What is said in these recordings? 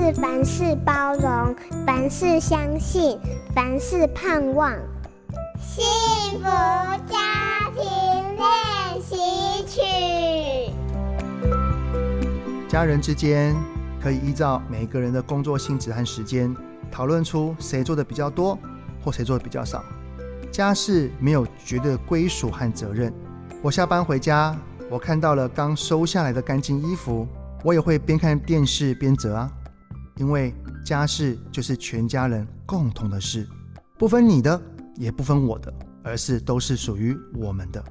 是凡事包容，凡事相信，凡事盼望。幸福家庭練習曲。家人之間可以依照每個人的工作性質和時間，討論出誰做得比較多，或誰做得比較少。家事沒有絕對的歸屬和責任。我下班回家，我看到了剛收下來的乾淨衣服，我也會邊看電視邊折啊。因為家事就是全家人共同的事，不分你的也不分我的，而是都是屬於我們的。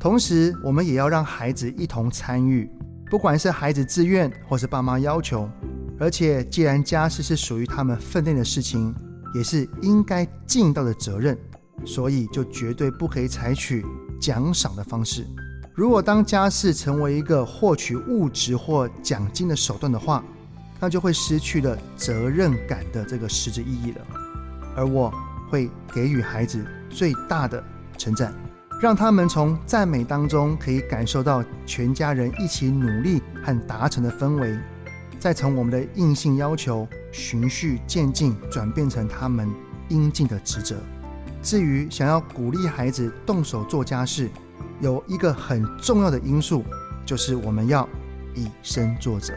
同時，我們也要讓孩子一同參與，不管是孩子自願或是爸媽要求。而且，既然家事是屬於他們分內的事情，也是應該盡到的責任，所以就絕對不可以採取獎賞的方式。如果當家事成為一個獲取物質或獎金的手段的話，那就會失去了責任感的這個實質意義了，而我會給予孩子最大的稱讚，讓他們從讚美當中可以感受到全家人一起努力和達成的氛圍，再從我們的硬性要求循序漸進轉變成他們應盡的職責。至於想要鼓勵孩子動手做家事，有一個很重要的因素就是我們要以身作則。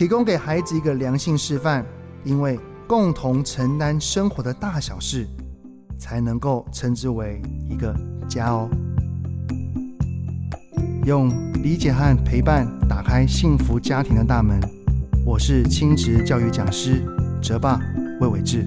提供給孩子一個良性示範，因為共同承擔生活的大小事，才能夠稱之為一個家哦。用理解和陪伴打開幸福家庭的大門。我是親職教育講師澤爸魏瑋志。